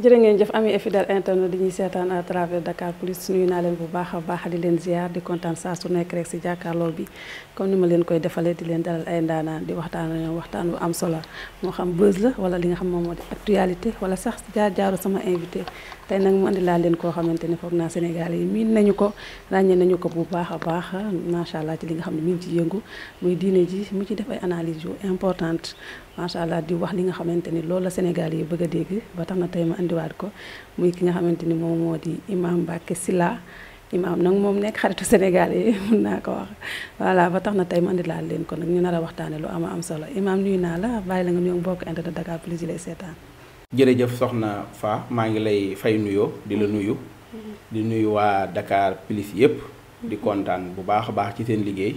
jëre ngeen jëf ami fidèle internet di ñuy seetaan à travers Dakar Plus nuyu naa leen bu baax a baax di leen ziar di kontaan saa su nekk rek si jàkkaarloo bi comme ni ma leen koy defalee di leen dalal ay ndaanaan di waxtaan waxtaan bu am solo moo xam buzz la wala li nga xam moom moo di actualité wala sax jaar-jaaru sama invité tey nag mu andi laa leen koo xamante ne foog naa Sénégal yi miin nañu ko ràññee nañu ko bu baax a baax macha allah ci li nga xam ne mi ngi ci yëngu muy diine ji mu ci def ay analyses yu importante macha allah di wax li nga xamante ni loolu la Sénégal yi bëgg a dégg ba tax na tey ma indiwaat ko muy ki nga xamante ni moom moo di imam Mbacké Sylla imam nag moom nekk xaritu Sénégal yi mun naa ko wax voilà ba tax na tey ma indilaat leen ko nag ñu nar a waxtaane lu ama am solo imaam nuyu naa la bàyyi la nga nuyu mbokk internet Dakar Plus yi lay seetaan jërëjëf soxna Fa maa ngi lay fay nuyoo di la nuyu di nuyu waa Dakar Plus yëpp di kontaan bu baax a baax ci seen liggéey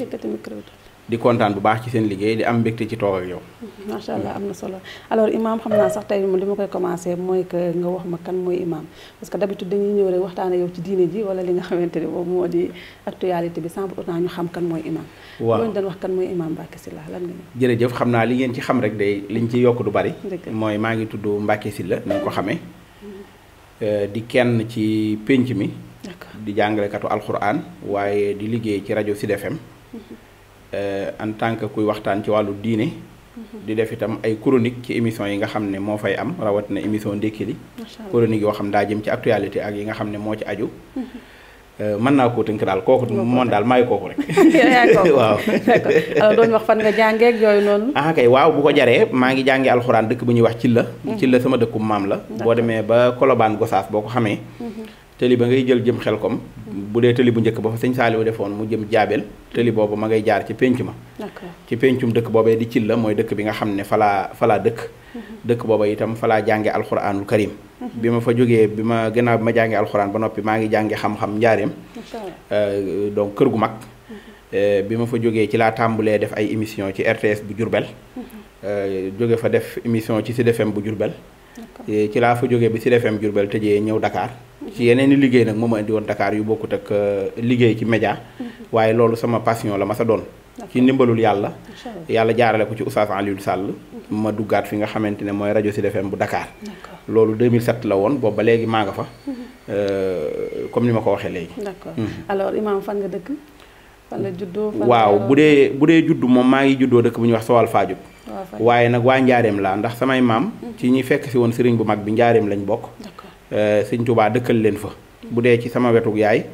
di kontaan bu baax ci seen liggéey di am mbégte ci toog ak yow. macha allah am na solo alors imam xam naa sax tey li ma koy commencé mooy que nga wax ma kan mooy imam parce que d'habitude dañuy ñëw rek waxtaanee yow ci diine ji wala li nga xamante ni moom moo di actualité bi sans pour autant xam kan mooy imam. waaw loolu dañ kan mooy imam Mbacké Sylla lan nga ñu. jërëjëf xam naa li ngeen ci xam rek day liñ ci yokk du bari. mooy maa ngi tudd Mbacké Sylla ni nga ko xamee. Euh, di kenn ci pénc mi. di jàngalekatu alxuraan waaye di liggéey ci rajo Sud FM. Mhm. Euh, en tant que kuy waxtaan ci wàllu diine. Mhm. di def itam ay chronique ci émission yi nga xam ne moo fay am rawatina émission ndékki li yoo xam daa jëm ci actualité ak yi nga xam ne moo ci aju. Mhm. Euh, mën naa ko tënk daal kooku moom daal maay kooku rek. waaw doon wax fan nga jàngee yooyu noonu. ah kay waaw bu ko jaree maa ngi jàngee alxuraan dëkk bu ñuy wax ci la. Mhm. ci la sama dëkkum maam la. boo demee ba kolobaan Gosaas boo ko xamee. te ba ngay jël jëm xel kom bu dee tëli bu njëkk ba fa sëñ Saaliwu defoon mu jëm jaabel tëli boobu ma ngay jaar ci pénc ma ci péncum dëkk boobee di cilla mooy dëkk bi nga xam ne falaa falaa dëkk mhm. dëkk booba itam falaa jànge alxuraanul karim mhm. bi ma fa jógee bi ma gannaaw bi ma jàngee alxuraan ba noppi maa ngi jàngee xam-xam njaareem euh, donc kër gu mag mhm. euh, bi ma fa jógee ci laa tàmbulee def ay émission ci RTS bu Jurbel euh, jóge fa def émission ci Sud bu Jurbel ci laa fa jógee bi Sud FM Jurbel tëjee ñëw Dakar ci yeneen i liggéey nag moom ma indi woon Dakar yu bokkut ak euh, liggéey ci média mm-hmm. waaye loolu sama passion la ma sa doon ci ndimbalul yàlla yàlla jaarale ko ci Oustaz Alioune Sall mm-hmm. ma duggaat fi nga xamante ne mooy rajo si FM bu Dakar loolu 2007 la woon boobu ba léegi maa nga fa mm-hmm. euh, comme ni ma ko waxee léegi d'accord dëkk fan waaw bu dee bu dee juddu moom maa ngi juddoo dëkk bu ñuy wax Sowal Fadiouth waaye nag waa Njaareem laa ndax samay maam ci ñi fekk si woon sëriñ bu mag bi Njaareem lañ bokk Eh, sëñ Touba dëkkal leen fa. bu dee ci sama wetuk yaay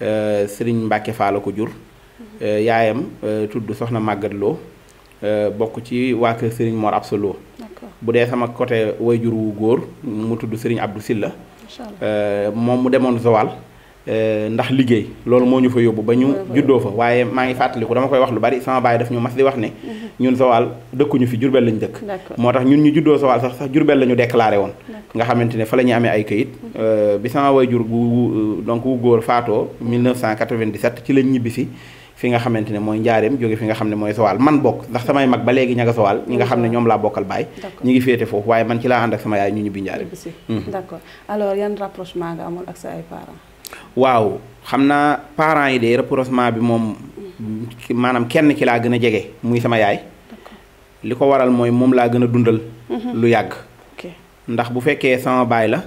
eh, sëriñ Mbacke Fall ko jur. Eh, yaayam tudd Soxna Maguette Lo bokk ci waa kër sëriñ ab Absa Lo. bu dee sama côté way jur wu góor mu tudd sëriñ Abdou Silla moom mu demoon Zowal. Euh, ndax liggéey loolu moo ñu fa yóbbu ba ñu juddoo fa waaye maa ngi fàttaliku dama koy wax lu bari sama baay daf ñu mas di wax ne mhm. ñun Joal dëkkuñu fi Jurbel lañu dëkk moo tax ñun ñu juddoo Joal sax sax Jurbel la ñu déclaré woon nga xamante ne fa la ñuy amee ay këyit mhm. euh, bi sama waajur bu euh, donc wu góor faatoo 1997 ci lañ ñibbisi fi nga xamante ne mooy njaareem jóge fi nga xam ne mooy Joal man bokk ndax samay mag ba léegi ña nga Joal ñi nga xam ne ñoom laa bokkal baay ñi ngi féete foofu waaye man ci laa ànd ak sama waaw xam naa parent yi de rapprochement bi moom maanaam kenn ki laa gën a jege muy sama yaay li ko waral mooy moom laa gën a dundal mhm. lu yàgg ndax bu fekkee sama baay la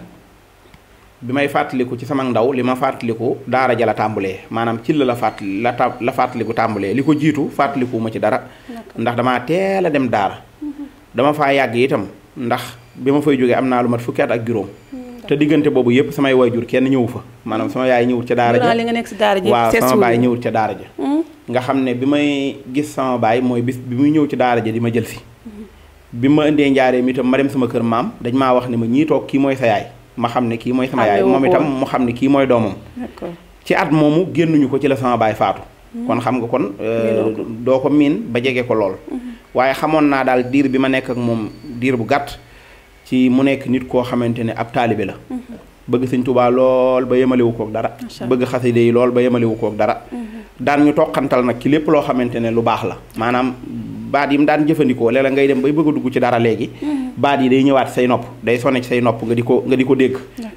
bi may fàttaliku ci sama ndaw li ma fàttaliku daara ja la tàmbulee maanaam ci la la fàttali la ta la fàttaliku tàmbulee li ko jiitu fàttalikuwuma ci dara ndax damaa teel a dem daara mhm. dama faa yàgg itam ndax bi ma fay jógee am naa lu mat fukki at ak juróom mhm, te diggante boobu yépp samay jur kenn ñëw fa maanaam sama yaay ñëwut ca daara ja li nga nekk si daara ji waaw sama baay ñëwut ca daara ja hmm? nga xam ne bi may gis sama baay mooy bis bi muy ñëw ci daara ja di ma jël si hmm. bi ma indee njaaree mi itam ma dem sama kër maam dañ maa wax ne ma ñiitoo ki mooy sa yaay ma xam ne kii mooy sama yaay moom itam mu xam ne kii mooy doomam ci at moomu génnuñu ko ci la sama baay faatu hmm. kon xam nga kon euh, doo ko miin ba jege ko lool waaye xamoon naa daal diir bi ma nekk ak moom diir bu gàtt ci mu nekk nit koo xamante ne ab taalibe la bëgg sëñ Tuubaa lool ba yemalewu koog dara bëgg xaside yi lool ba yemalewu koog dara mm-hmm. daan ñu toqantal nag ki lépp loo xamante ne lu baax la maanaam baat yi mu daan jëfandikoo léeg ngay dem bay bëgg dugg ci dara léegi mm-hmm. baat yi day ñëwaat say nopp day sone say nopp nga di ko nga di ko dégg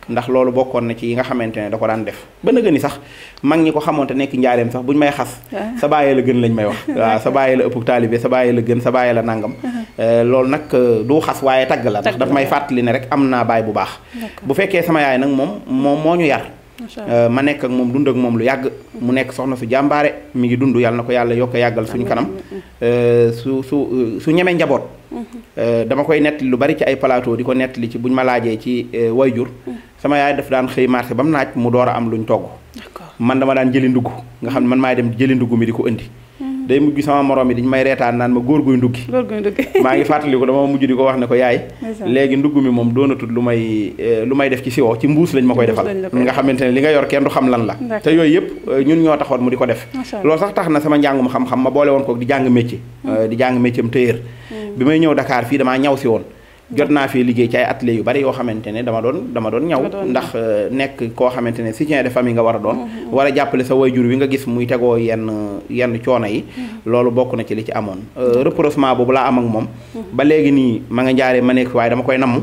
ndax loolu bokkoon na ci yi nga xamante ne da ko daan def ba nëgë ni sax mag ñi ko xamoon te nekk njaareem sax bu ñu may xas ah. sa bàyyee la gën lañ may wax waaw sa bàyyee la ëpp taalibe sa bàyyee la gën sa bàyyee la nangam uh-huh. eh, loolu nag euh, du xas waaye tagg la ndax daf may fàttali ne rek am naa baay bu baax bu fekkee sama yaay nag moom moom moo ñu yar Euh, ma nekk ak moom dund ak moom lu yàgg mu nekk soxna su jàmbaare mi ngi dund yàlla na ko yàlla yokk yàggal suñu kanam euh, su su su ñeme njaboot euh, dama koy nettali lu bari ci ay plateau di ko nettali ci buñ ma laajee ci wayjur sama yaay dafa daan xëy marché ba mu naaj mu door a am luñ togg man dama daan jëli ndugg nga xam ne man maay dem jëli ndugg mi di ko indi day mujj sama morom yi dañ may reetaan naan ma góor guy nduggi maa ngi fàttali ko dama mujj di ko wax ne ko yaay léegi ndugg mi moom doonatul lu may eh, lu may def ci siwo ci mbuus lañ ma koy defal nga xamante ne li nga yor kenn du xam lan la te yooyu yëpp eh, ñun ñoo taxoon mu di ko def loolu sax tax na sama njàngum xam-xam ma boole woon ko di jàng métier hmm. eh, di jàng métier am téyër hmm. bi may ñëw Dakar fii damaa ñaw si woon jot naa fee liggéey ci ay atelier yu bari yoo xamante ne dama doon dama doon ñaw ndax nekk koo xamante ne soutien de famille nga war a doon hmm. war a jàppale sa wayjur wi nga gis muy tegoo yenn coono yi mm-hmm. loolu bokk na ci li ci amoon euh, rapprochement boobu laa am moom mm-hmm. ba léegi nii ma nga njaaree ma nekk waaye dama koy namm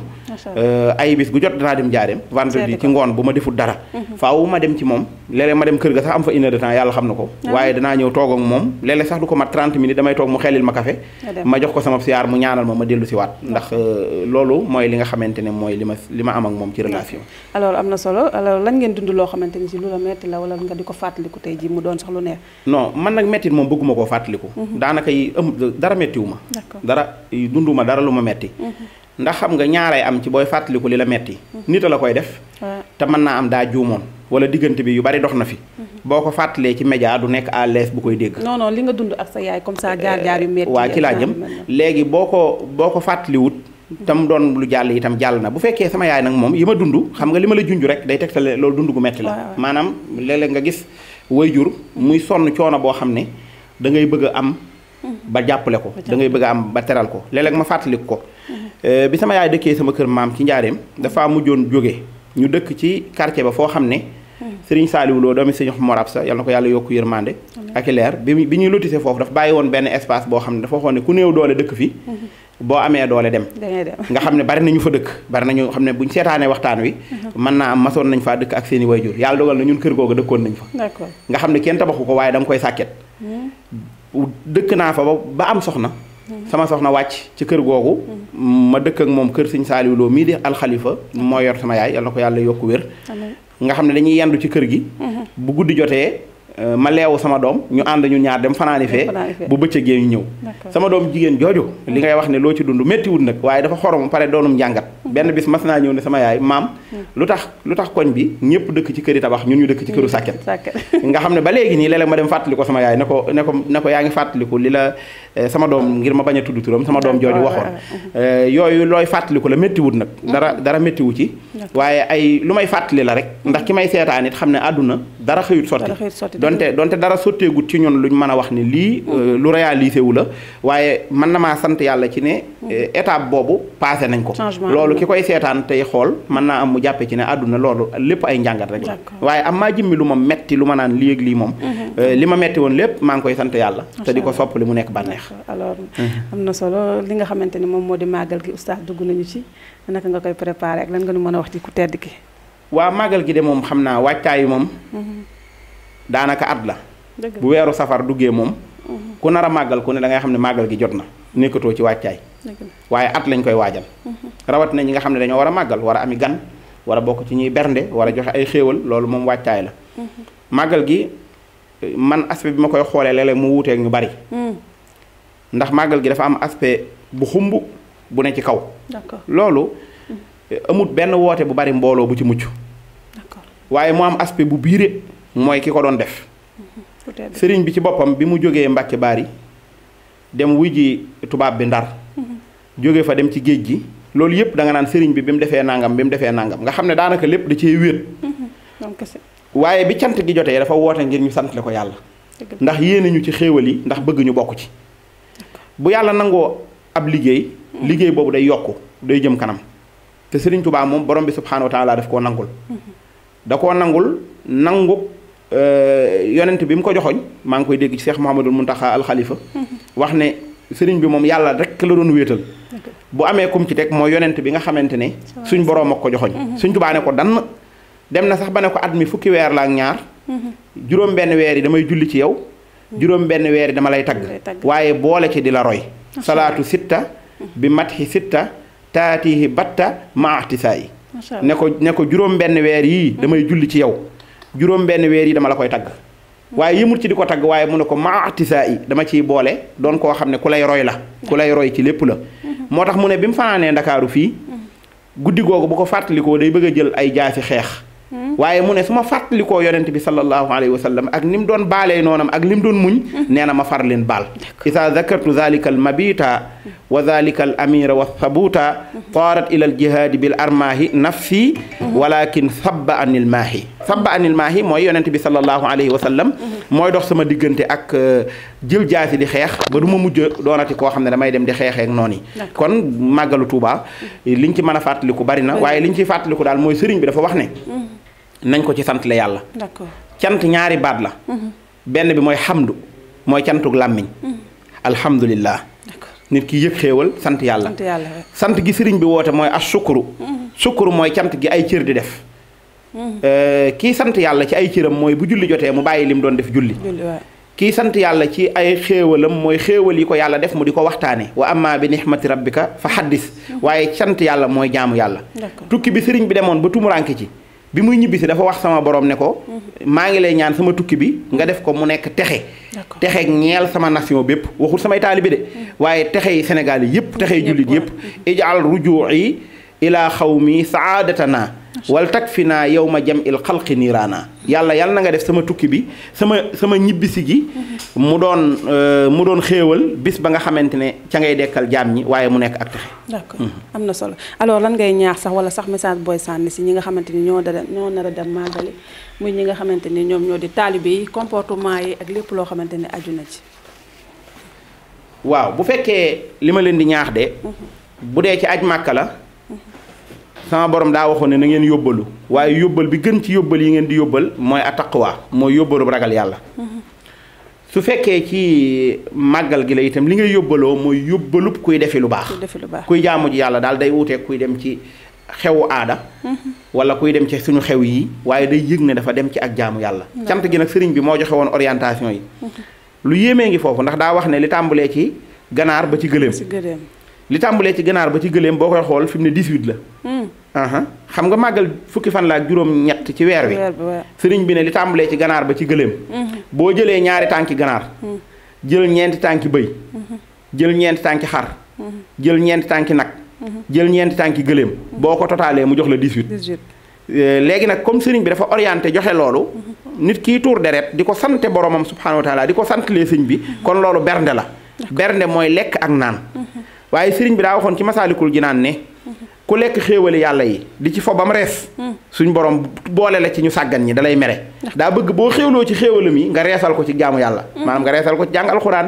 euh, ay bis gu jot danaa dem njaareem vendredi ci ngoon bu ma defut dara mm-hmm. faaw ma dem ci moom léeg-léeg ma dem kër ga sax am fa une heure de temps yàlla xam na ko waaye danaa ñëw toog ak moom léeg-léeg sax du ko mat 30 minutes damay toog mu xelil ma café ma jox ko sama siyaar mu ñaanal ma ma dellu si waat ndax euh, loolu mooy li nga xamante ne mooy li ma li ma am ak moom ci waral nga di ko fàttaliku tey ji mu doon sax lu neex. non man nag mettit moom bëgguma koo fàttaliku. Mhm. daanaka yi ëmb dara méttiwu ma. dara dunduma dara lu ma metti mhm. ndax xam nga ñaaray am ci booy fàttaliku li la metti mhm. nit a la koy def. te mën naa am daa juumoon. wala diggante bi yu bari dox na fi. boo ko fàttalee ci média du nekk à l'aise bu koy dégg. non non li nga dund ak sa yaay comme ça jaar jaar yu euh, waa ci jëm léegi boo ko boo ko fàttaliwut tam doon lu jàll itam jàll na bu fekkee sama yaay nag moom yi ma dund xam nga li ma la junj rek day tegtale loolu dund gu metti la maanaam léeg nga gis way jur muy sonn coono boo xam ne da ngay bëgg am mm-hmm. ba jàppale ko da ngay bëgg am ba teral ko léeg ma fàttaliku ko mm-hmm. euh, bi sama yaay dëkkee sama kër maam ci njaareem dafa mujjoon jóge ñu dëkk ci quartier ba foo xam ne mm-hmm. sëriñ Saaliwu Lo doomi sëriñ Mor Absa yal na ko yàlla yokku yërmande ak leer bi bi ñuy foofu dafa bàyyi woon benn espace boo xam ne dafa waxoon ne ku néew doole dëkk fi boo amee doole dem nga xam ne bari na nañu fa dëkk bari nañu xam ne buñ seetaanee waxtaan wi mhm. mën naa am masoon nañ faa dëkk ak seen way wayjur yàlla dogal na ñun kër googa dëkkoon nañ fa nga xam ne kenn tabaxu ko waaye da nga koy sàkket mhm. dëkk naa fa ba am soxna mhm. sama soxna wàcc ci kër googu ma dëkk ak moom kër sëñ Saaliw Lo mii di alxalifa moo yor sama yaay yal na ko yàlla yokk wér nga xam ne dañuy yendu ci kër gi bu guddi jotee Euh, ma leewu sama doom ñu ànd ñu ñaar dem fanaani fee bu bëccëgee ñu ñëw sama doom jigéen jooju li ngay wax ne loo ci dund méttiwul nag waaye dafa xorom pare doonum njàngat benn bis mas naa ñëw ne sama yaay maam hmm. lu tax lu tax koñ bi ñëpp dëkk ci këri tabax ñun ñu dëkk ci këru hmm. sàkket nga xam ne ba léegi nii léeg-léeg ma dem fàttali ko sama yaay ne ko ne ko ne ko yaa ngi fàttaliku li la eh, sama doom ngir ma bañ a tudd turam sama doom jooju waxoon hmm. eh, yooyu looy fàttali fàttaliku la méttiwut nag dara dara méttiwu ci waaye ay lu may fàttali la rek ndax ki may seetaan it xam ne àdduna dara xëyut sotti donte donte dara sotteegut ci ñun luñ mën a wax ni lii euh, lu réalisé wu la waaye mën na maa sant yàlla ci ne eh, étape boobu passé nañ ko loolu ki koy seetaan tey xool mën naa am mu jàppe ci ne àdduna loolu lépp ay njàngat rek la waaye am maa jëmmi lu ma metti lu ma naan lii ak lii moom mhm. euh, li ma metti woon lépp maa ngi koy sant yàlla te di ko sopp li mu nekk bànneex alors mhm. am na solo li nga xamante ne moom moo di màggal gi oustaz dugg nañu ci naka nga koy préparé ak lan nga nu mën a wax ci ku tedd ki waa màggal gi de moom xam naa wàccaay moom mhm. daanaka at la bu weeru safar duggee moom ku nar a màggal ku ne da ngay xam ne màggal gi jot na nekkatoo ci wàccaay waaye at lañ koy waajal rawat na ñi nga xam ne dañoo war a màggal war a ami gan war a bokk ci ñuy bernde war a joxe ay xéewal loolu moom wàccaay la màggal gi man aspect bi ma koy xoolee léeg mu wuuteeg ñu bari hmm. ndax màggal gi dafa am aspect bu xumb bu ne ci kaw loolu hmm. amut benn woote bu bari mbooloo bu ci mucc waaye mu am aspect bu biire mooy ki ko doon def hmm. sëriñ bi ci boppam bi mu jógee Mbàkke Baari dem wuy ji tubaab bi Ndar jóge fa dem ci géej gi loolu yëpp danga naan sëriñ bi bi mu defee nangam bi mu defee nangam nga xam ne daanaka lépp da cee wéet. Mm-hmm. waaye bi cant gi jotee dafa woote ngir ñu santle ko yàlla. ndax yéene ñu ci xéewal yi ndax bëgg ñu bokk ci. bu yàlla nangoo ab liggéey. Mm-hmm. liggéey boobu day yokk day jëm kanam. te sëriñ Tuubaa moom borom bi subxanahu wa taala daf koo nangul. Mm-hmm. da koo nangul nangu euh, yonent bi mu ko joxoñ maa ngi koy dégg ci seex Muhammadul Muntaxa al Khalifa. wax ne. sëriñ bi moom yàlla rekk la doon wéetal bu amee kum ci teg mooy yonent bi nga xamante ne suñ boroom ak ko joxoñ mhm. suñ tubaa ne ko dann dem na sax ba ne ko at mi fukki weer la ak ñaar mhm. juróom benn weer yi damay julli ci yow mhm. juróom benn weer yi dama lay tagg waaye boole ci di la roy salaatu sitta bi matxi sitta taatihi batta maahtisaa yi ne ko ne ko juróom benn weer yii damay julli ci yow juróom weer yi dama la koy tagg waaye yëmul ci di ko tagg waaye mu ne ko maa tisaa yi dama ciy boole doon koo xam ne ku lay roy la ku lay roy ci lépp la mm-hmm. moo tax mu ne bi mu fanaanee ndakaaru fii mm-hmm. guddi googu bu ko fàttalikoo day bëgg a jël ay jaasi xeex mm-hmm. waaye mu ne su ma fàttalikoo yonent bi sallallahu alayhi wa sallam ak ni mu doon baalee noonam ak li mu doon muñ nee na ma far leen baal isaa zakartu zalika al mabita wa dhalika al amira wa thabuta taarat ila al jihaadi bil armaahi nafsi walakin sabba anil maahi sabba anil maahi mooy yonent bi sallallahu alayhi wa sallam mooy dox sama diggante ak euh, jël jaasi di xeex ba du ma mujj doonati koo xam ne damay dem di xeexeek noonu yi kon màggalu Tuuba liñ ci mën a fàttaliku bari na waaye liñ ci fàttaliku daal mooy sëriñ bi dafa wax ne mhm. nañ ko ci sant la yàlla cant ñaari baat la mhm. benn bi mooy xamdu mooy cantuk làmmiñ mhm. alhamdulillah nit ki yëg xéewal sant yàlla sant gi sëriñ bi woote mooy as sukkuru mm-hmm. sukkuru mooy sant gi ay cër di def mm-hmm. euh, kii sant yàlla ci ay cëram mooy bu julli jotee mu bàyyi lim doon def julli kii sant yàlla ci ay xéewalam mooy xéewal yi ko yàlla def mu di ko waxtaane wa amma bi nihmati rabbika fa haddis mm-hmm. waaye sant yàlla mooy jaamu yàlla tukki bi sëriñ bi demoon ba tumuraanke ci bi muy ñibbisi dafa wax sama borom ne ko mhm. maa ngi lay ñaan sama tukki bi nga def ko mu nekk texe texe ñeel sama nation bépp waxul samay taalibe de mhm. waaye texe yi Sénégal yi yëpp texe yi jullit yëpp ijal rujuu yi ilaa xaw mi naa wal tak fi naa yow ma jam il xalqi niiraana yàlla yàlla na nga def sama tukki bi sama sama ñibbisi ji mu doon euh, mu doon xéewal bis ba nga xamante ne ca ngay dekkal jaam ñi waaye mu nekk ak texe d'accord am na solo alors lan ngay ñaax sax wala sax message booy sànni si ñi nga xamante ni ñoo dara ñoo nar a dem màggali muy ñi nga xamante ni ñoom ñoo di taalibe yi comportement yi ak lépp loo xamante ni aju na ci waaw bu fekkee li ma leen di ñaax de mhm. bu dee ci aj màkka la sama borom daa waxoon ne na ngeen yóbbalu waaye yóbbal bi gën ci yóbbal yi ngeen di yóbbal mooy attaqwa mooy yóbbalu ragal yàlla su fekkee ci màggal gi la itam li ngay yóbbaloo mooy yóbbalub kuy defi lu baax kuy jaamu ji yàlla daal day wuuteeg kuy dem ci xewu aada wala kuy dem ci suñu xew yii waaye day yëg ne dafa dem ci ak jaamu yàlla cant gi nag sëriñ bi moo joxe woon orientation yi lu yéemee ngi foofu ndax daa wax ne li tàmbulee ci ganaar ba ci gëléem li tàmbulee ci ganaar ci gëléem boo xool fi mu ne 18 la hmm. xam nga màggal fukki fan la ak juróom-ñett ci weer wi. sëriñ bi ne li tàmbalee ci ganaar ba ci gëléem. Mhm. boo jëlee ñaari tànki ganaar. Mhm. jël ñeenti tànki bëy. Mhm. jël ñeenti tànki xar. jël ñeenti tànki nag. jël ñeenti tànki gëléem. boo ko totaalee mu jox la 18. Euh, léegi nag comme sëriñ bi dafa orienté joxe loolu. nit kiy tuur deret di ko sante boromam subxanahu wa taala di ko santalee sëñ bi. kon loolu bernde la. bernde mooy lekk ak naan. waaye sëriñ bi daa waxoon ci masaalikul jinaan ne. ku lekk xéewali yàlla yi di ci fo bam rees hmm. suñ borom boole la ci ñu sàggan ñi dalay mere daa bëgg boo xéewloo ci xéewalam yi nga reesal ko ci jaamu yàlla mm. maanaam nga reesal ko ci jàng alxuraan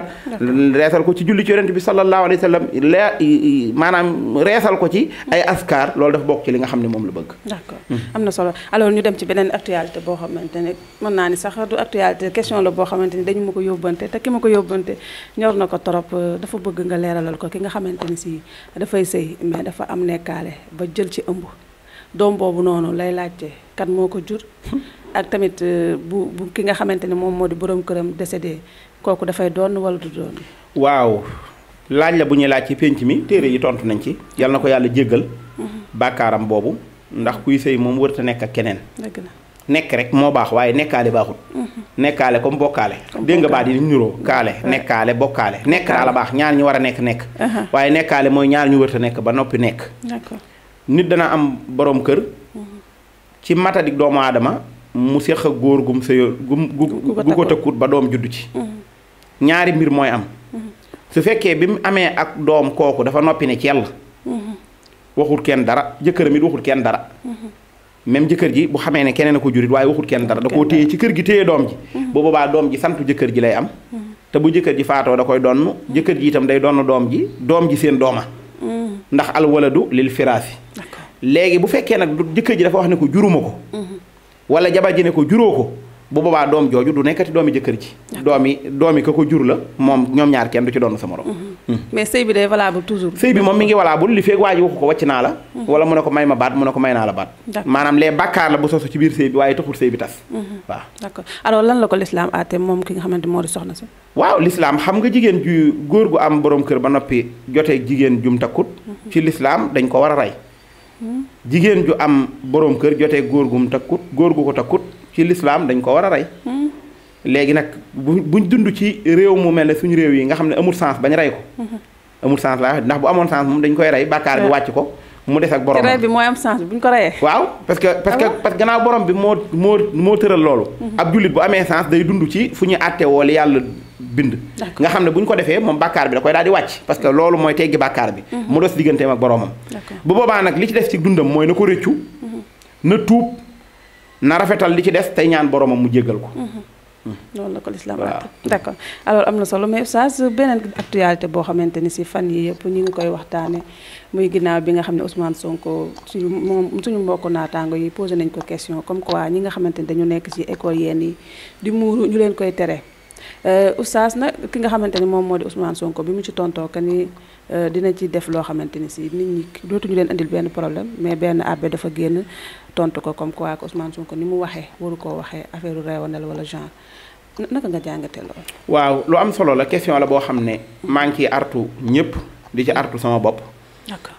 reesal ko ci julli ci bi sallallahu alayhi wa sallam lee maanaam reesal ko ci ay askar loolu dafa bokk ci li nga xam ne moom la bëgg ko mm. am na solo alors ñu dem ci beneen actualité boo xamante ne mën naa ni sax du actualité question la boo xamante ni dañu ma ko yóbbante te ki ma ko yóbbante ñor na ko trop dafa bëgg nga leeralal ko ki nga xamante ni si dafay sëy mais dafa am nekkaale ba jël ci ëmb doom boobu noonu lay laajte kan moo ko jur ak tamit euh, bu bu ki nga xamante ne moom moo di borom këram décédé kooku dafay doon wala du doon. waaw laaj la bu ñuy laaj ci pénc mi téere yi tontu nañ ci mm-hmm. yal na ko yàlla jéggal. Mm-hmm. bàkkaaram boobu ndax kuy sëy moom warut a nekk ak keneen. dëgg nekk rek moo baax waaye nekkaale baaxul. Mm-hmm. nekkaale comme bokkaale. dégg nga baat yi niroo kaale nekkaale bokkaale. nekk daal a baax ñaar ñu war a nekk nekk. Uh-huh. waaye nekkaale mooy ñaar ñu warut a nekk ba noppi nekk. nit dana am boroom kër mm-hmm. ci matadik doomu aadama mu seq góor gum sëyo gum gu ko tëkkut ba doom juddu ci mm-hmm. ñaari mbir mooy am mm-hmm. su fekkee bi mu amee ak doom kooku dafa noppi ne ci yàlla waxul kenn dara jëkkëram it waxul kenn dara même jëkkër ji bu xamee ne keneen a ko jurit waaye waxul kenn dara da koo téye ci kër gi téye doom ji bu boobaa doom ji santu jëkkër ji lay am te bu jëkkër ji faatoo da koy donn jëkkër ji itam day donn doom ji doom ji seen dooma ndax alwaladu lil firaasi léegi bu fekkee nag jëkkër ji dafa wax ne ko juruma ko mm-hmm. wala jabar ji ne ko juróo ko bu boobaa doom jooju du nekkati doomi jëkkër ji doomi doomi ka ko jur la moom ñoom ñaar kenn du ci doon sa morom mhm. hmm. mais sëy bi day valable toujours sëy bi moom mi ngi valable li feeg waa ji waxu ko naa la mhm. wala mu ne ko may ma naa la baat maanaam les bàkkaar la bu waaye mhm. lan la ko l'islam àtte moom ki nga xamante moo di soxna si waaw xam nga jigéen ju góor gu am boroom kër ba noppi jotee jigéen jum takkut ci l'islam dañ ko war a rey jigéen ju am borom kër jotee góor gum takkut góor gu ko takkut ci lislaam dañ ko war a rey léegi nag bu buñ dund ci réew mu mel ne suñu réew yi nga xam ne amul sens bañ rey ko amul sens laa ndax bu amoon sens moom dañ koy rey bàkkaar bi wàcc mu des ak borom rey bi mooy am sens buñ ko reyee waaw parce que parce que ah gannaaw borom bi moo moo moo tëral loolu mhm. ab jullit bu amee sens day dund ci fu ñuy àtte woolu yàlla bind nga xam ne bu ñu ko defee moom bàkkaar bi da koy daal di wàcc parce que loolu mooy teggi bàkkaar bi mhm. mu des digganteem ak boromam bu boobaa nag li ci def ci dundam mooy na ko rëccu mhm. na rafetal li ci des tey ñaan boromam mu jéggal ko. loolu mhm. mm. la ko lislaam àtte d' accord alors am na solo mais oustaz beneen actualité boo xamante ni si fan yi yëpp ñu ngi koy waxtaane muy ginnaaw bi nga xam ne Ousmane Sonko suñu moom suñu mbokku naataango yi posé nañ ko question comme quoi ñi nga xamante ni dañu nekk ci école yéen yi di muuru ñu leen koy tere euh, oustaz na ki nga xamante ni moom moo di Ousmane Sonko bi mu ci tontoo que nii euh, dina ci def loo xamante ni si nit ñi dootuñu leen indil benn problème mais benn abbé dafa génn tontu ko comme quoi Ousmane ko ni mu waxee waru koo waxee affaire reewanal wala genre naka nga jàngatee loolu. waaw lu am solo la question la boo xam ne maa ngi ciy artu ñëpp di ci artu sama bopp.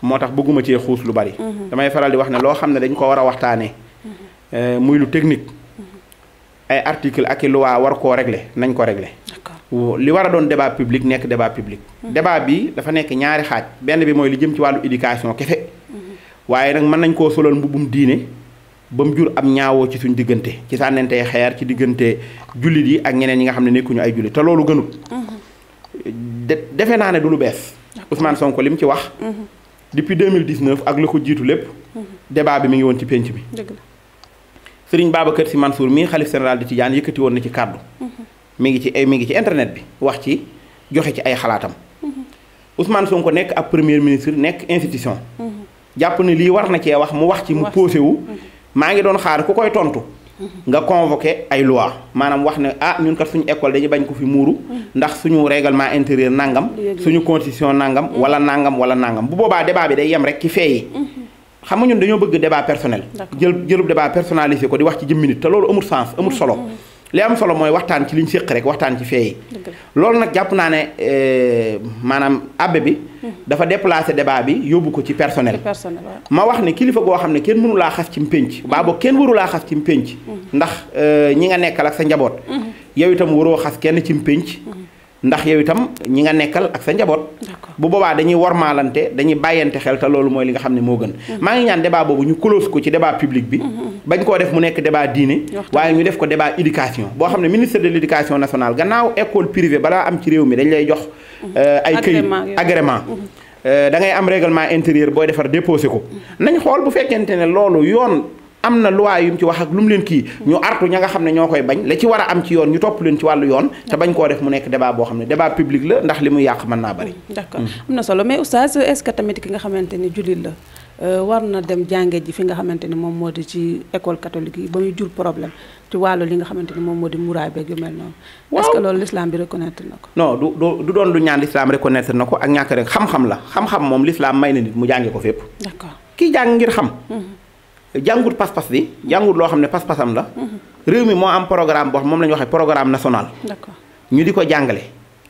moo tax bëgguma cee xuus lu bari. Mhm. damay faral di wax ne loo xam ne dañ ko war a waxtaanee. Mhm. Euh, muy lu technique. Mhm. ay article ak i loi war koo régler nañ ko régler. li war a doon débat public nekk débat public. débat bi dafa nekk ñaari xaaj benn bi mooy li jëm ci wàllu éducation kefe. waaye nag mën nañ koo solal mbubum diine. ba mu jur am ñaawoo ci suñu diggante ci sànnantee xeer ci diggante jullit yi ak ñeneen yi nga xam ne nekkuñu ay jullit te loolu gënut de defe naa ne du lu bees Ousmane Sonko li mu ci wax mm-hmm. depuis 2019 ak la ko jiitu lépp mm-hmm. débat bi mi ngi woon ci pénc bi Serigne Babacar Sy Mansour mii xalif général di Tidiane yëkkati woon na ci kàddu mm-hmm. mi ngi ci eh, mi ngi ci internet bi wax ci joxe ci ay xalaatam son ko nekk ab premier ministre nekk institution jàpp ne lii war na cee wax mu wax ci mu posé wu maa ngi doon xaar ku koy tontu. nga convoqué ay loi maanaam wax ne ah ñun kat suñu école dañu bañ ko fi muuru ndax suñu règlement intérieur nangam suñu constitution nangam mm-hmm. wala nangam wala nangam bu boobaa débat bi day yem rek ci fee yi mm-hmm. xam nga dañoo bëgg débat personnel jël jëlub débat personnalisé ko di wax ci jëm minute te loolu amul sens amul solo mm-hmm. li am solo mooy waxtaan ci li ñu séq rek waxtaan ci fee yi loolu nag jàpp naa ne euh, maanaam abbé bi hmm. dafa déplacé débat bi yóbbu ko ci personnel ma wax ne kilifa goo xam ne kenn mënu laa xas ci mpénc baa hmm. boog kenn waru laa xas ci mu mpénc hmm. ndax euh, ñi nga nekkal ak sa njaboot yow itam waroo xas kenn ci mpénc ndax yow itam ñi nga nekkal ak sa njaboot bu boobaa dañuy wormaalante dañuy bàyyante xel te loolu mooy li nga xam ne moo gën mm-hmm. maa ngi ñaan débat boobu ñu close ko ci débat public bi mm-hmm. bañ koo def mu nekk débat diine waaye ñu def ko débat éducation boo xam ne ministre de l' éducation nationale gannaaw école privée balaa am ci réew mi dañ lay jox mm-hmm. euh, ay këyit agrément euh, da ngay am règlement intérieur booy defar déposé ko nañ xool bu fekkente ne loolu yoon am na loi yu mu ci wax ak lu mu leen kii ñu artu ña nga xam ne ñoo koy bañ la ci war a am ci yoon ñu topp leen ci wàllu yoon te bañ koo def mu nekk débat boo xam ne débat public la ndax li mu yàq mën naa bari mm, d'accord mm. am na solo mais oustaz est-ce que tamit ki nga xamante ni jullit la euh, war na dem jànge fi nga xamante ni moom moo di ci école catholique yi ba jur problème ci li nga xamante ni moom moo di muraay beeg yu mel noonu est-ce que loolu l'islam bi reconnaître na ko non du du doon lu ñaan l'islam reconnaître na ko ak ñàkk rek xam-xam la moom l'islam may na nit mu jànge ko fépp d'accord kii jàng ngir xam mm-hmm. jàngut pas-pas bi jàngut loo xam ne pas-pasam la. Mhm. réew mi moo am programme boo xam moom la ñu waxee programme national. d'accord ñu di ko jàngale.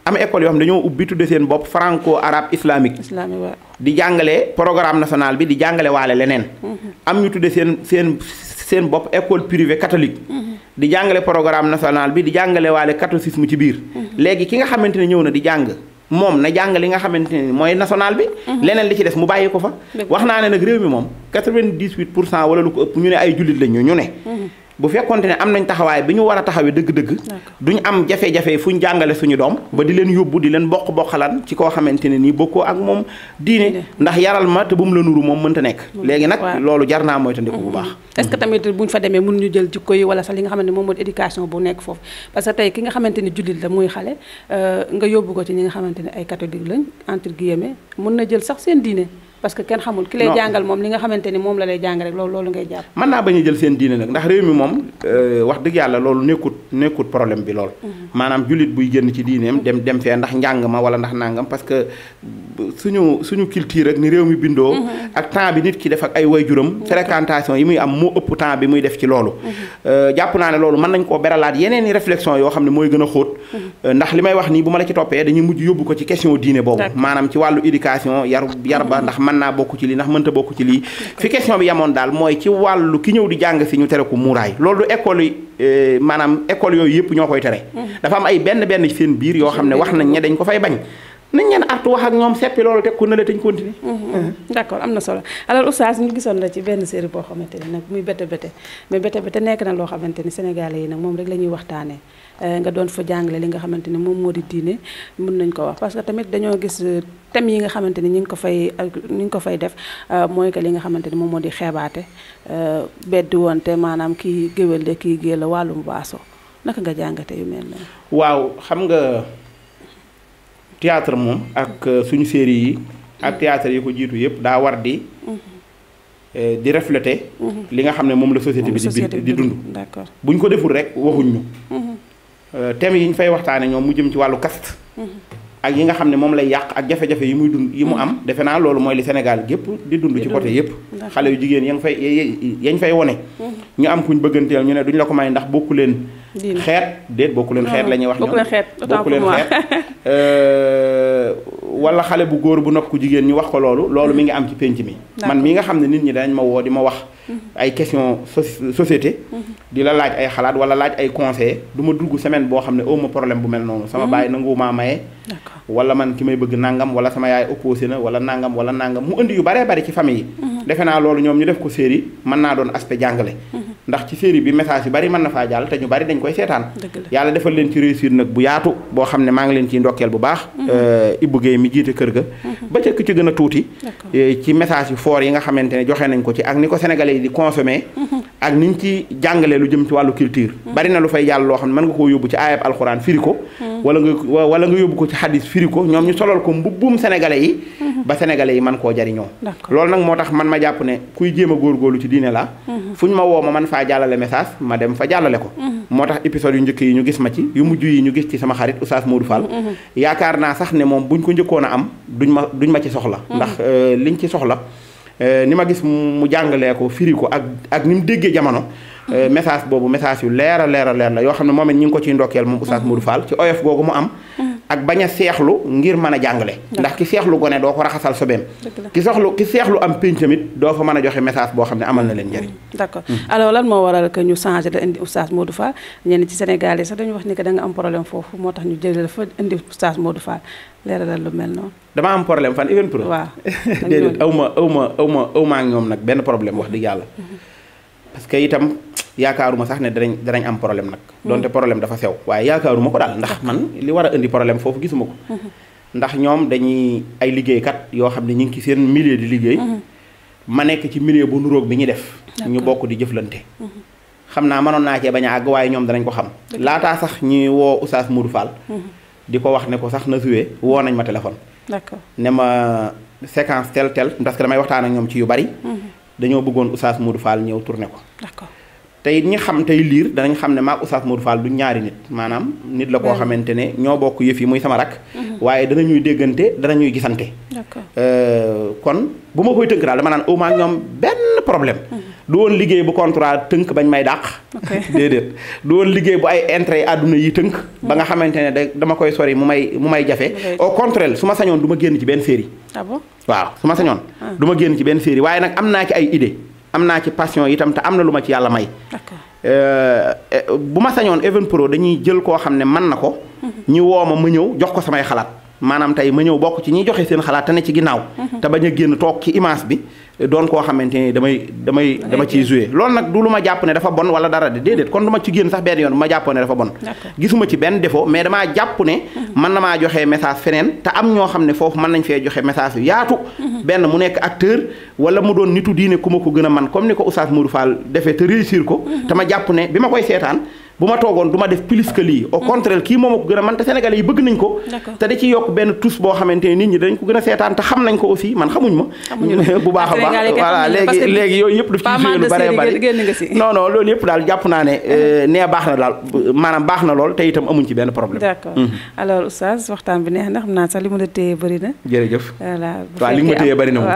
am école yoo xam dañoo ubbi tudde seen bopp franco arabe islamique. islamique waaw di jàngale programme national bi di jàngale waale leneen. Mhm. am ñu tudde seen seen seen bopp école privée catholique. Mhm. di jàngale programme national bi di jàngale waale catholicisme ci biir. léegi ki nga xamante ne ñëw na di jàng. moom na jàng li nga xamante ne mooy national bi. Mhm. leneen li ci def mu bàyyi ko fa. wax naa ne nag réew mi moom 98 pour cent wala lu ko ëpp ñu ne ay jullit lañ ñu ñu ne. Mhm. bu fekkonte ne am nañ taxawaay bi ñu war a taxawee dëgg-dëgg duñ am jafe-jafe fu ñu jàngale suñu doom ba di leen yóbbu di leen bokk bokkalan ci koo xamante ne nii bokkoo ak moom diine ndax yaral ma te bu mu la nuru moom mënta nekk léegi nag loolu jar naa moytandiku bu mm-hmm. baax est-ce que mm-hmm. tamit buñ fa demee mën ñu jël jikko yi wala sax li nga xamante ne moom moo di éducation bu nekk foofu parce que tey ki nga xamante ne jullit la muy xale euh, nga yóbbu ko ci ñi nga xamante ne ay catholique lañ entre guillemets mën na jël sax seen diine parce que kenn xamul ki lay jàngal moom li nga xamante ni moom la lay jàng rek loolu loolu ngay jàpp mën naa bañ a jël seen diine nag ndax réew mi moom euh, wax dëgg yàlla loolu nekkut nekkut problème bi lool mhm. maanaam jullit buy génn ci diineem dem dem fee ndax njàng ma wala ndax nàngam parce que suñu suñu culture rek ni réew mi bindoo mhm. ak temps bi nit ki def ak ay waajuram fréquentation yi muy am moo ëpp temps bi muy def ci loolu mhm. euh, jàpp naa ne loolu mën nañ koo beralaat yeneen i réflexion yoo xam ne mooy gën a euh, ndax li may wax nii bu ma la ci toppee dañuy mujj yóbbu ko ci question diine boobu maanaam ci wàllu éducation yar ba ndax mën naa bokk ci lii ndax mënta bokk ci lii fi question bi yamoon daal mooy ci wàllu ki ñëw di jàng si ñu tere ko muuraay loolu du euh, maanaam école yooyu yëpp ñoo koy tere mm-hmm. dafa am ay benn benn seen biir yoo xam ne wax nañ ne ko fay bañ nañ leen artu wax ak ñoom seppi loolu teg ko na la dañ continuer mm-hmm. d'accord am na solo alors oustaz ñu gisoon la ci benn série boo xamante ne nag muy bété bété mais bété bété nekk na loo xamante ni sénégalais yi nag Euh, nga doon fa jàngale li nga xamante ne moom moo di diine mun nañ ko wax parce que tamit dañoo gis euh, thèmes yi nga xamante ni ñu ngi ko fay ñu ngi ko fay def euh, mooy que li nga xamante ni moom moo di xeebaate beddi woonte maanaam kii géwél de kii géel la wàllum naka nga jàngate mel noonu waaw xam nga théâtre moom ak suñu série yi ak théâtre yi ko jiitu yëpp daa war di mm-hmm. di refléter mm-hmm. li nga xam ne moom la société bi di dund d'accord buñ ko deful rek waxuñ ñu mm-hmm. Euh, thèmes yi ñu fay waxtaane ñoom mu jëm ci wàllu caste mm-hmm. ak yi nga xam ne moom lay yàq ak jafe-jafe yi muy dund yi mu mm-hmm. am defe naa loolu mooy li Sénégal gépp di dund ci côté yëpp xale yu jigéen ya nga fay yañ fay wone mm-hmm. ñu am kuñ bëgganteel ñu ne duñ la ko may ndax bokku leen xeet déet bokku leen xeet ah, la ñuy wax ñoom bokku leen xeet euh, wala xale bu góor bu nopp ku jigéen ñu wax ko loolu loolu mi ngi am ci pénc mi man mi nga xam ne nit ñi dañ ma woo di ma wax mhm. ay question société mhm. di la laaj ay xalaat wala laaj ay conseil du ma dugg semaine boo xam ne aw ma problème bu mel noonu sama mhm. bàyyi nangu maa maye wala man ki may bëgg nangam wala sama yaay opposé na wala nangam wala nangam mu indi yu baree bari ci famille yi loolu ñoom ñu def ko série mën naa doon aspect jàngale ndax ci série bi message yu bari mën na faa jàll te ñu bari dañ koy seetaan yàlla defal leen ci réussir nag bu yaatu boo xam ne maa ngi leen ciy ndokkeel bu baax mhm. euh, Ibou Guèye mi jiite kër ga mhm. ba ca ki gën a tuuti euh, ci message yu fort yi nga xamante ne joxe nañ ko ci ak ni ko sénégalais yi di consommer mhm. ak ñu ci jàngalee lu jëm ci wàllu culture bari na lu fay jàll loo xam ne mën nga koo yóbbu ci ayab alxuraan firi ko wala nga wala nga yóbbu ko ci hadis firi ko ñoom ñu solal ko mbubbum sénégalais yi ba sénégalais yi man koo jariñoo loolu nag moo tax man ma jàpp ne kuy jéem a góorgóorlu ci diine la mhm. fu ñu ma woo ma man faa jàllale message ma dem fa jàllale ko mhm. moo tax épisode yu njëkk yi ñu gis ma ci yu mujj yi ñu gis ci sama xarit Oustaz Modou Fall mhm. yaakaar naa sax ne moom bu buñ ko njëkkoon a am duñ ma duñ ma ci soxla ndax euh, liñ ci soxla euh, ni ma gis mu jàngalee ko firi ko ak ak ni mu déggee jamono euh, message boobu message yu leer a leer a la yoo xam ne moom it ñu ngi ko ciy ndokkeel moom Oustaz Modou Fall ci oyof mu am ak bañ a seexlu ngir mën a jàngale ndax ki seexlu gone doo ko raxasal sobeem ki soxlu ki seexlu am pénc tamit doo fa mën a joxe message boo xam ne amal na leen njëriñ mm, d'accord alors lan moo waral que ñu changé la indi oustaz Modou wax ni am problème foofu moo tax ñu jëlee la fa indi oustaz Modou Fall leeralal lu mel noonu dama am problème fan even pro waaw déedéet aw ma aw ma aw ma aw ma ñoom nag benn problème wax dëgg yàlla mm-hmm. parce itam yaakaaruma sax ne danañ danañ am problème nag hmm. donte problème dafa sew waaye yaakaaruma ko daal ndax man li war a indi problème foofu gisuma ko hmm. ndax ñoom dañuy ay liggéeykat yoo xam ne ñu ngi ci seen milieu di liggéey hmm. ma nekk ci milieu bu nuróog bi ñuy def ñu bokk di jëflante xam naa manoon naa cee bañ a àgg waaye ñoom danañ ko xam laataa sax ñuy woo Oustaz Modou Fall di ko wax ne ko sax na suwee woo nañ ma téléphone d'accord ne ma séquence tel tel parce que damay waxtaan ak ñoom ci yu bari dañoo bëggoon Oustaz Modou Fall ñëw tourné ko d'accord tey ñi xam tey liir danañ xam ne maag Oustaz Modou Fall du ñaari nit maanaam nit la koo xamante ne ñoo bokk yëf yi muy sama rak mhm. waaye danañuy déggante danañuy gisante euh, kon bu ma koy tënk daal dama naan au moins ñoom benn problème mhm. du woon liggéey bu contrat tënk bañ may dàq déedéet du woon liggéey bu ay intérêt àdduna yi tënk ba nga mhm. xamante ne da dama koy sori mu may mu may jafe au contraire su ma sañoon du ma génn ci benn série ah waaw su ma sañoon ah. du ma génn ci benn série waaye nag am naa ci ay idée am naa ci passion itam te am na lu ma ci yàlla may. Euh, bu ma sañoon Even Pro dañuy jël koo xam ne man na ko. Mm-hmm. ñu woo ma ma ñëw jox ko samay xalaat. maanaam tey ma ñëw bokk ci ñi joxe seen xalaat te ne ci ginnaaw. te bañ a génn toog ci image bi doon koo xamante ni damay damay dama ciy joué. loolu nag du lu ma jàpp ne dafa bon wala dara de déedéet kon du ci génn sax benn ma jàppoo ne dafa bon. gisuma ci benn défaut mais dama jàpp ne. man na maa joxe message feneen te am ñoo xam ne foofu mën nañ fee joxe message yu yaatu. Mhm. benn mu nekk acteur wala mu doon nitu diine ku ma ko gën a man comme ni ko Oustaz Modou faal defee te réussir ko. Mhm. te ma jàpp ne bi ma koy seetaan. bu ma toogoon du ma def plus que lii au mm. contraire kii moom a ko gën a man te sénégalais yi bëgg nañ ko te da ci yokk benn tous boo xamante ne nit ñi dañ ko gën a seetaan te xam nañ ko aussi man xamuñ ma bu a baax voilà léegi léegi yëpp daf ci lu bare bari non non loolu naa ne euh, nee baax na baax na lool te itam amuñ ci benn problème d'accord mm-hmm. alors oustaz waxtaan bi neex na sax li ma la téye bëri na jëf voilà waaw li nga ma téye bëri na moom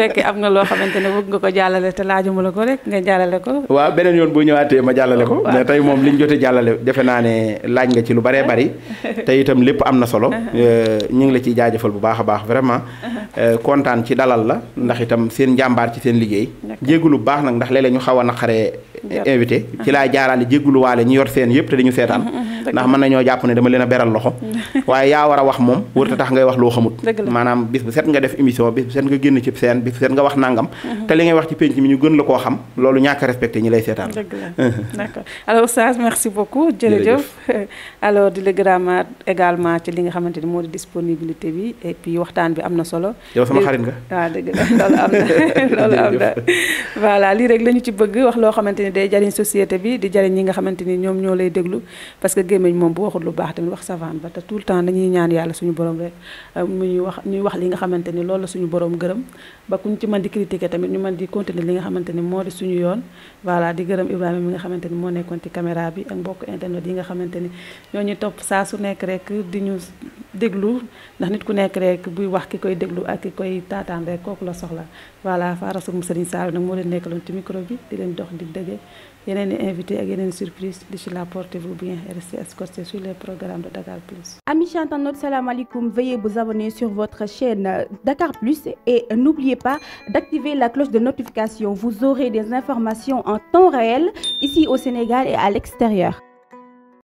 bu am na loo xamante ne bëgg nga ko jàllale te laajuma la ko rek nga jàllale ko waa beneen yoon boo ñëwaatee ma jàllale ko tey moom liñ jotee jàllale defe naa ne laaj nga ci lu baree bari tey itam lépp am na solo euh, ñu ngi la ciy jaajëfal bu baax a baax vraiment euh, kontaan ci dalal la ndax itam seen njàmbaar ci seen liggéey jéegulu bu baax nag ndax léeg ñu xaw a invité ah. ci laay jaaraale jégguluwaale ñi yor seen yëpp te dañu seetaan ndax mën nañoo jàpp ne dama leen a beral loxo waaye yaa war a wax moom wërta tax ngay wax loo xamut maanaam bis set nga def émission bis set nga génn ci seen bis set nga wax nangam mhm. te li ngay wax ci pénc mi ñu gën la koo xam loolu ñàkk respecté ñi lay seetaan mhm. ci li nga xamante ni moo di disponibilité bi et puis waxtaan bi am na solo yow sama xarit nga waaw ah, dëgg la loolu am na loolu am na voilà la ni day jariñ société bi di jariñ ñi nga xamante ni ñoom ñoo lay déglu parce que gémmiñ moom bu waxul lu baax tamit wax savane ba te tout temps dañuy ñaan yàlla suñu borom rek euh, mu wax ñuy wax li nga xamante ni loolu la suñu borom gërëm ba kuñ ci mën di critiquer tamit ñu mën di continuer li nga xamante ni moo di suñu yoon voilà di gërëm Ibrahima mi nga xamante ni moo nekkoon ci caméra bi ak mbokk internet yi nga xamante ni ñoo ñu topp saa su nekk rek di ñu déglu ndax nit ku nekk rek buy wax ki koy déglu ak ki koy taataan rek kooku la soxla voilà Faara Sougou Serigne Saliou nag moo leen nekkaloon ci micro bi di leen dox di daje yeneen i invité ak yeneen surprise d'ici là portez-vous bien et restez escortés sur les programmes de Dakar Plus. Amis chantantes, salaamaaleykum veuillez vous abonner sur votre chaîne Dakar Plus et n'oubliez pas d'activer la cloche de notification vous aurez des informations en temps réel ici au Sénégal et